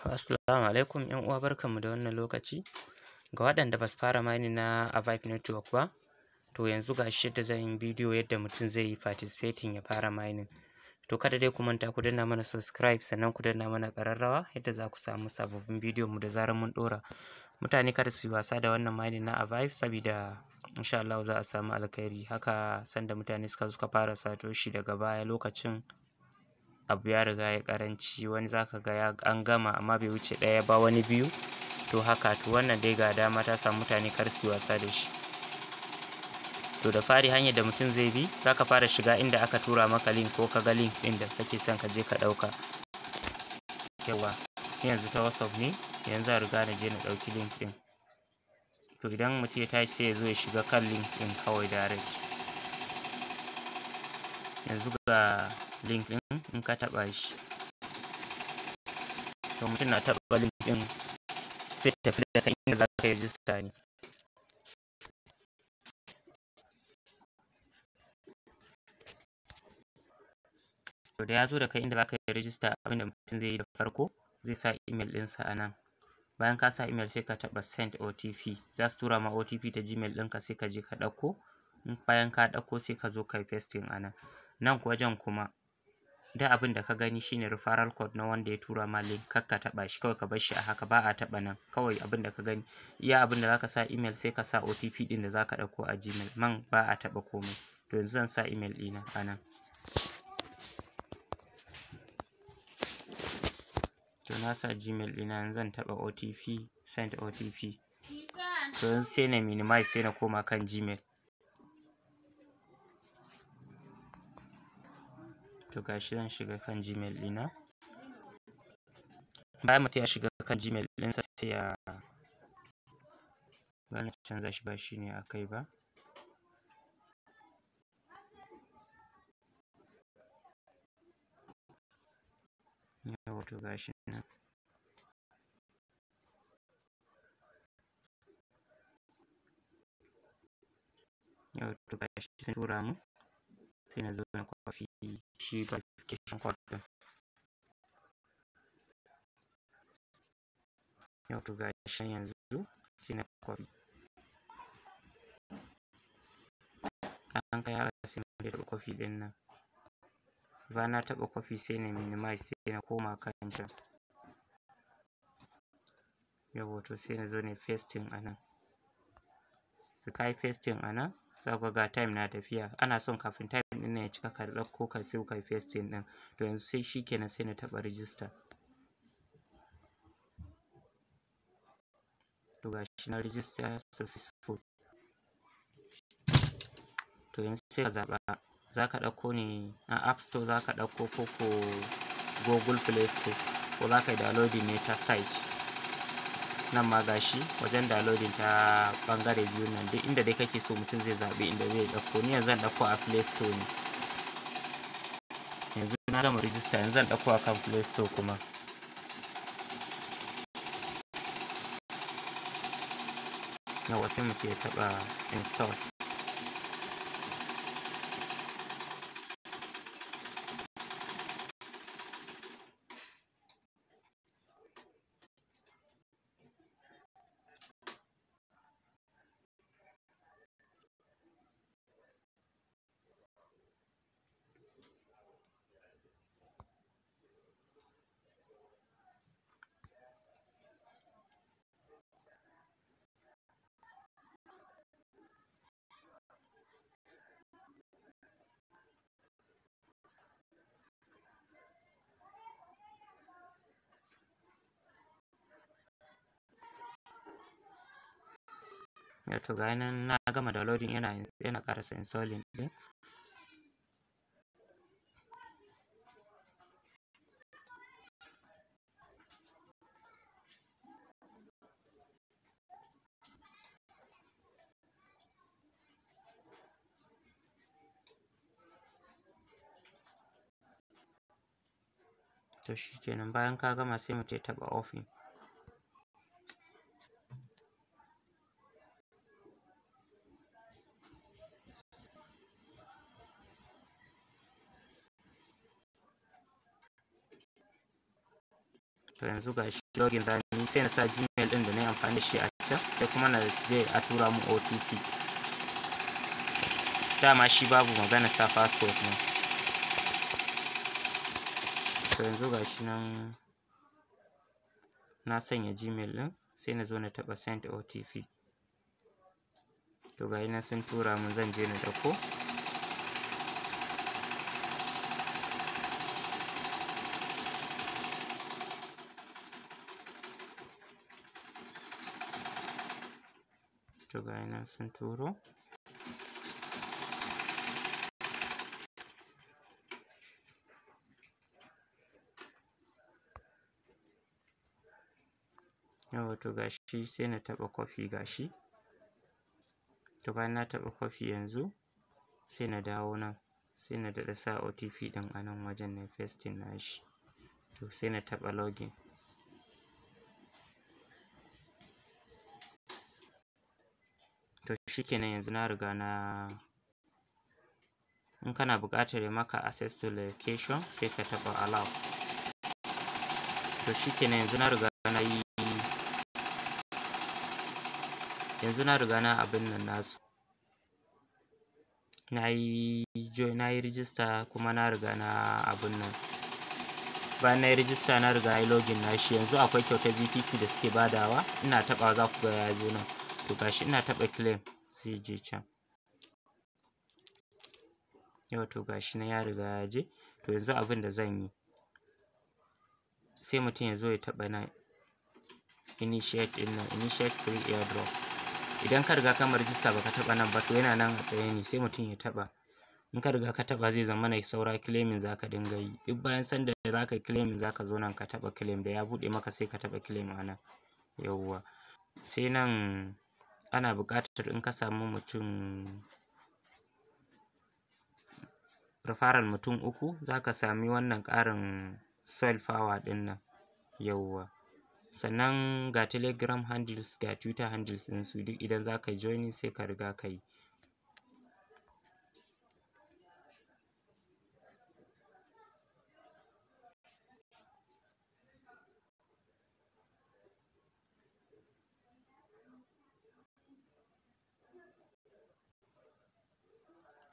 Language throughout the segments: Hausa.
Assalamu alaikum ƴan uwa barkanmu da wannan lokaci. Ga waɗanda basu fara mani na Avive Network ba, to yanzu ga shi yadda zan yi bidiyo yadda mutum zai yi participating ya fara mining. To kada dai ku manta ku danna mana subscribe sannan ku danna mana ƙararrawa yadda za ku samu sababbin bidiyon mu da zarar mun ɗora. Mutane kada su yi wasa da wannan mining na Avive sabida insha Allah za a samu alkhairi. Haka sanda mutane suka suka fara satoshi daga baya lokacin abu ya riga ya ƙaranci wani zaka ga ya an gama amma bai wuce ɗaya ba wani biyu to haka to wannan dai ga dama ta samu mutane kar su wasa da shi to da fari hanyar da mutum zai bi zaka fara shiga inda aka tura maka link ko kaga link ɗin da kake son ka je ka ɗauka yawa yanzu ta whatsapp ne yanzu a riga na je na ɗauki link ɗin to idan mutum ya tashi sai ya zo ya shiga kan link ɗin kawai direct yanzu ga link ɗin in ka taɓa shi to mutum na taba link ɗin sai tafi da kan inda za ka yi rijista ne to da ya zo da kai inda za ka yi rijista abinda mutum zai yi da farko zai sa email ɗinsa a nan bayan ka sa email sai ka taba send OTP za su tura ma OTP ta Gmail ɗinka sai ka je ka ɗauko bayan ka ɗauko sai ka zo ka yi pasting a nan nan wajen kuma duk abin da ka gani shi ne referral code na wanda ya tura ma link kar ka taɓa shi kawai ka bar shi a haka ba a taɓa nan kawai abin da ka gani iya abin da zaka sa email sai ka sa OTP ɗin da zaka ɗauko a Gmail man ba a taɓa komai to yanzu zan sa email ɗina a nan to na sa Gmail ɗina yanzu zan taɓa OTP send OTP to yanzu sai na minimize sai na koma kan Gmail to gashi zan shiga kan gmail ɗina bayan mutum ya shiga kan gmail ɗinsa sai ya bana canza shi ba shine a kai ba yawa to gashi nan yawa to gashi sun tura mu sai na zo na kwafi shi verification code ɗin yau to ga shi yanzu sai na kwafi an kai haka sai na da kwafi din nan ba na taɓa kwafi sai na minimize sai na koma kan can yau wato sai na zo na pasting a nan ka yi pasting a nan za ga time na tafiya ana son kafin time document ɗin nan ya cika ka ɗauko ka sai ka pasting ɗin to yanzu sai shikenan sai na taɓa register to gashi na register successful to yanzu sai ka zaɓa za ka ɗauko ne a app store za ka ɗauko ko ko google play store ko za ka yi downloading ne ta site nan ma gashi wajen downloading ta bangare biyu nan duk inda dai kake so mutum zai zaɓi inda zai ɗauko ni yanzu zan ɗauko a play store ne yanzu na gama rijista yanzu zan ɗauko a kan play store kuma na wasu mutum ya taɓa install to ga nan na gama downloading yana yana ƙarasa installing ɗin to shikenan bayan ka gama sai mu je taɓa offin yanzu ga shi login rani sai na sa gmail din da na yi amfani da shi a can sai kuma na je a tura mu otp dama shi babu magana sa password ne to yanzu ga shi nan na sanya gmail din sai na zo na taba send otp to ga nan sun tura mun zan je na dauko? to ga nan sun turo yawa to gashi sai na taɓa kwafi gashi to bayan na taɓa kwafi yanzu sai na dawo nan sai na daɗa sa OTP ɗin a nan wajen na pasting nashi to sai na taɓa login shikenan yanzu na riga na in kana buƙatar ya maka access to location sai ka taɓa allow to shikenan yanzu na riga na yi yanzu na riga na abin nan nasu na yi join na yi register kuma na riga na abin nan bayan na yi register na riga na yi login na shi yanzu akwai kyautar BTC da suke badawa ina taɓawa za ku ga ya zo nan to gashi ina taɓa claim zai je can yau to gashi nan ya riga ya je to yanzu abin da zan yi sai mutum ya zo ya taɓa nan initiate ɗin nan initiate free airdrop idan ka riga ka ma ba baka taɓa nan ba to yana nan a tsaye ne sai mutum ya taɓa in ka riga ka taɓa zai zama na saura claiming zaka dinga yi duk bayan sanda zaka claiming zaka zo nan ka taɓa claim da ya buɗe maka sai ka taɓa claim a nan Yauwa, sai nan ana buƙatar in ka samu mutum referral mutum uku za ka sami wannan ƙarin soil power ɗin nan yawwa sannan ga telegram handles ga twitter handles ɗinsu duk idan za ka yi joining sai ka riga ka yi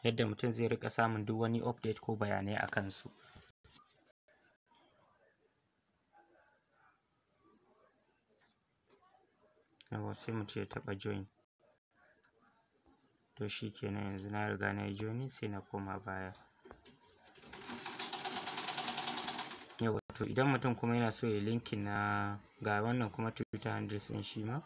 yadda mutum zai riƙa samun duk wani update ko bayanai a kansu. Yawwa sai mutum ya taɓa join. To shi kenan yanzu na riga na yi joining sai na koma baya. Yawwa to idan mutum kuma yana so ya yi linkin na ga wannan kuma Twitter handles ɗin shi ma.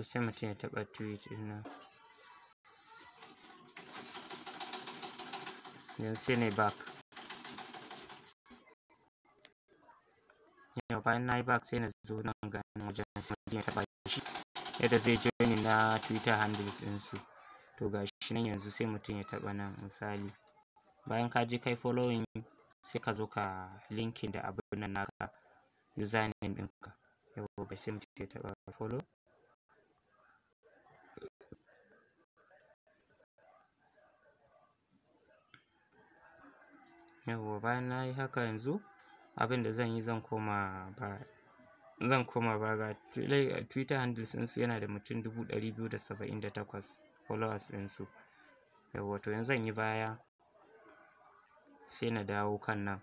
so sai mutum ya taɓa tweet ɗin nan yanzu sai na yi back yau bayan na yi back sai na zo nan ganin wajen sai mutum ya taɓa shi yadda zai joini na twitter handles su to ga shi nan yanzu sai mutum ya taɓa nan misali bayan ka je kai following sai ka zo ka linkin da abin nan naka username ɗinka yawwa sai mutum ya taɓa follow Yauwa bayan yi haka yanzu abin da zan yi zan koma baya, zan koma baya ga Twitter handles ɗinsu yana da mutum dubu ɗari biyu da saba'in da takwas followers ɗinsu. Yauwa to yanzu zan yi baya sai na dawo kan nan,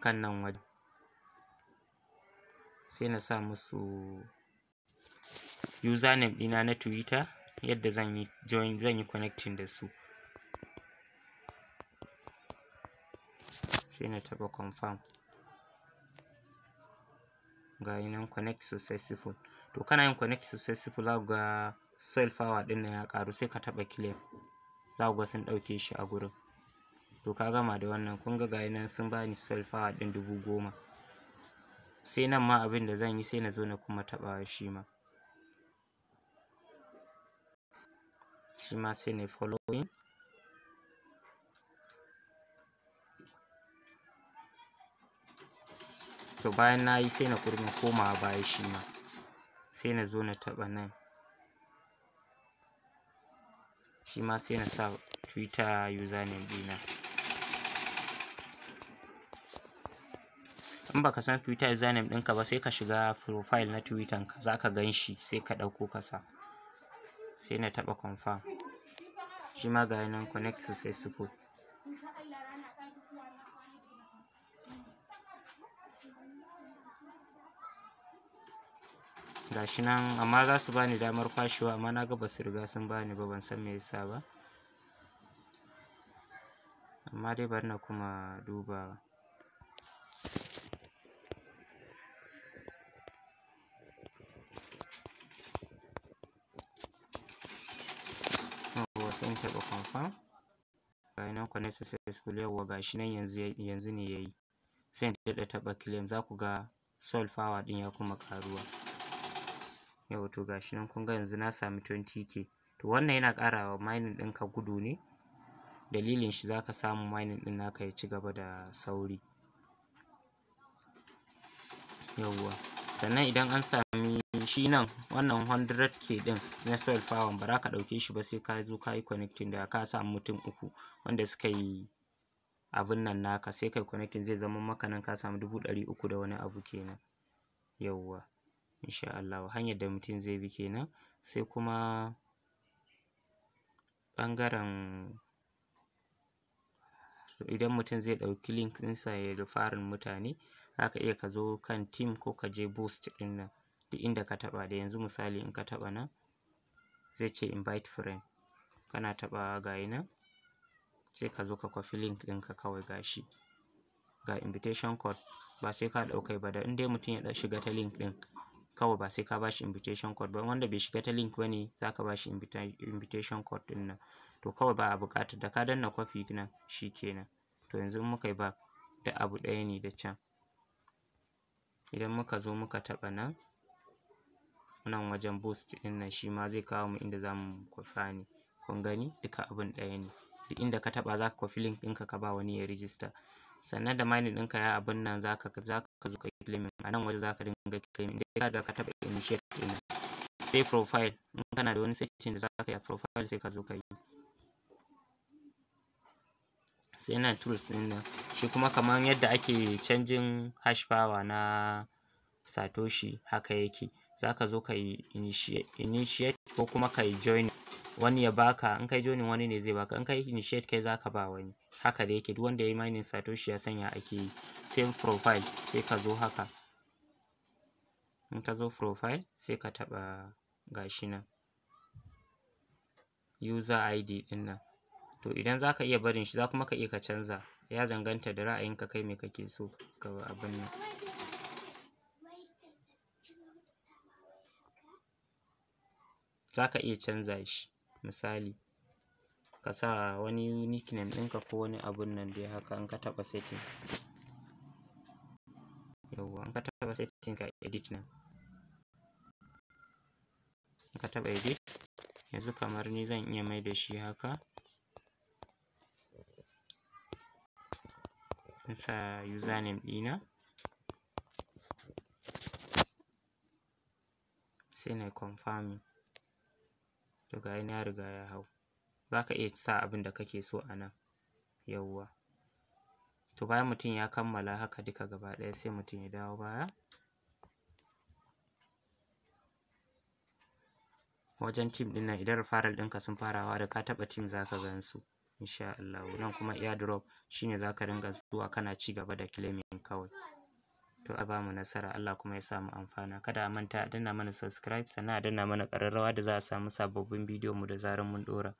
kan nan wajen. Sai na sa musu username ɗina na Twitter yadda zan yi join, zan yi connecting da su. sai na taɓa confirm ga ina nan connect successful to kana yin connect successful za ga soil power ɗin nan ya ƙaru sai ka taɓa claim za ga sun ɗauke shi a gurin to ka gama da wannan kun ga gayi nan sun bani soil power ɗin dubu goma sai nan ma abin da zan yi sai na zo na kuma taba shi ma shi ma sai na following to bayan na yi sai na kurma komawa baya shi ma sai na zo na taɓa nan shi ma sai na sa twitter username dina in baka san twitter username ɗinka ba sai ka shiga profile na twitter ka za ka gan shi sai ka ɗauko ka sa sai na taɓa confirm shi ma ga nan connect successful gashi nan amma za su bani damar kwashewa amma na ga basu riga sun bani ba ban san me yasa ba amma dai bari na kuma dubawa yawwa in taɓa confirm gashi nan connect successful yawwa gashi nan yanzu yanzu ne yayi sai in daɗa taɓa claim za ku ga sol power ɗin ya kuma ƙaruwa yau to gashi nan kun ga yanzu na sami 20k to wannan yana karawa wa mining ɗinka gudu ne dalilin shi zaka samu mining ɗin naka ya ci gaba da sauri yawwa sannan idan an sami shi nan wannan 100k ɗin na soil power ba za ka ɗauke shi ba sai ka zo ka yi connecting da ka samu mutum uku wanda suka yi abin nan naka sai kai connecting zai zama maka nan ka samu dubu ɗari uku da wani abu kenan yawwa insha Allah hanyar da mutum zai bi kenan sai kuma ɓangaren idan mutum zai ɗauki link ɗinsa ya farin mutane zaka iya ka zo kan team ko kaje boost ɗin nan duk inda ka taɓa da yanzu misali in ka taɓa nan zai ce invite friend kana taɓa gayi nan sai ka zo ka kwafi link ɗinka kawai gashi ga invitation code ba sai ka ɗaukai ba da in dai mutum ya shiga ta link ɗin kawai ba sai ka bashi invitation code ba wanda bai shiga ta link ba bane zaka bashi invitation code ɗin nan to kawai ba a buƙatar da ka danna copy nan shikenan to yanzu in muka yi back duk abu ɗaya ne da can idan muka zo muka taɓa nan nan wajen boost ɗin nan shi ma zai kawo mu inda zamu kwafa ne kun gani duka abun ɗaya ne duk inda ka taɓa zaka kwafi link ɗinka ka ba wani ya register sannan da mining ɗinka ya abun nan zaka ka zo ka claiming a nan wajen zaka dinga ga kenan dai ka riga ka taɓa initiate kenan sai profile in kana da wani setting da zaka yi a profile sai ka zo ka yi sai na tools ɗin nan shi kuma kamar yadda ake canjin hash power na satoshi haka yake zaka zo ka yi initiate ko kuma ka yi joining wani ya baka in kai joining wani ne zai baka in kai initiate kai zaka ba wani haka da yake duk wanda yayi mining satoshi ya sanya ake yi sai profile sai ka zo haka in ka zo profile sai ka taɓa gashi nan user ID ɗin nan to idan za ka iya barin shi za kuma ka iya ka canza ya danganta da ra'ayinka kai me kake so ka abin nan za ka iya canza shi misali ka sa wani nickname ɗinka ko wani abun nan dai haka in ka taɓa settings Yauwa in ka taɓa setting ka edit nan in ka taɓa edit yanzu kamar ni zan iya mai da shi haka in sa username ɗina sai na confirming to ga ya riga ya hau za ka iya sa abin da kake so a nan yauwa. to bayan mutum ya kammala haka duka gaba ɗaya sai mutum ya dawo baya wajen tim ɗin nan idan referral ɗinka sun farawa da ka taɓa tim za ka gan su insha Allah nan kuma airdrop ne za ka ringa zuwa kana ci gaba da claiming kawai to a bamu nasara Allah kuma ya samu amfana kada a manta a danna mana subscribe sannan a danna mana ƙararrawa da za a samu sababbin bidiyon mu da zarar mun ɗora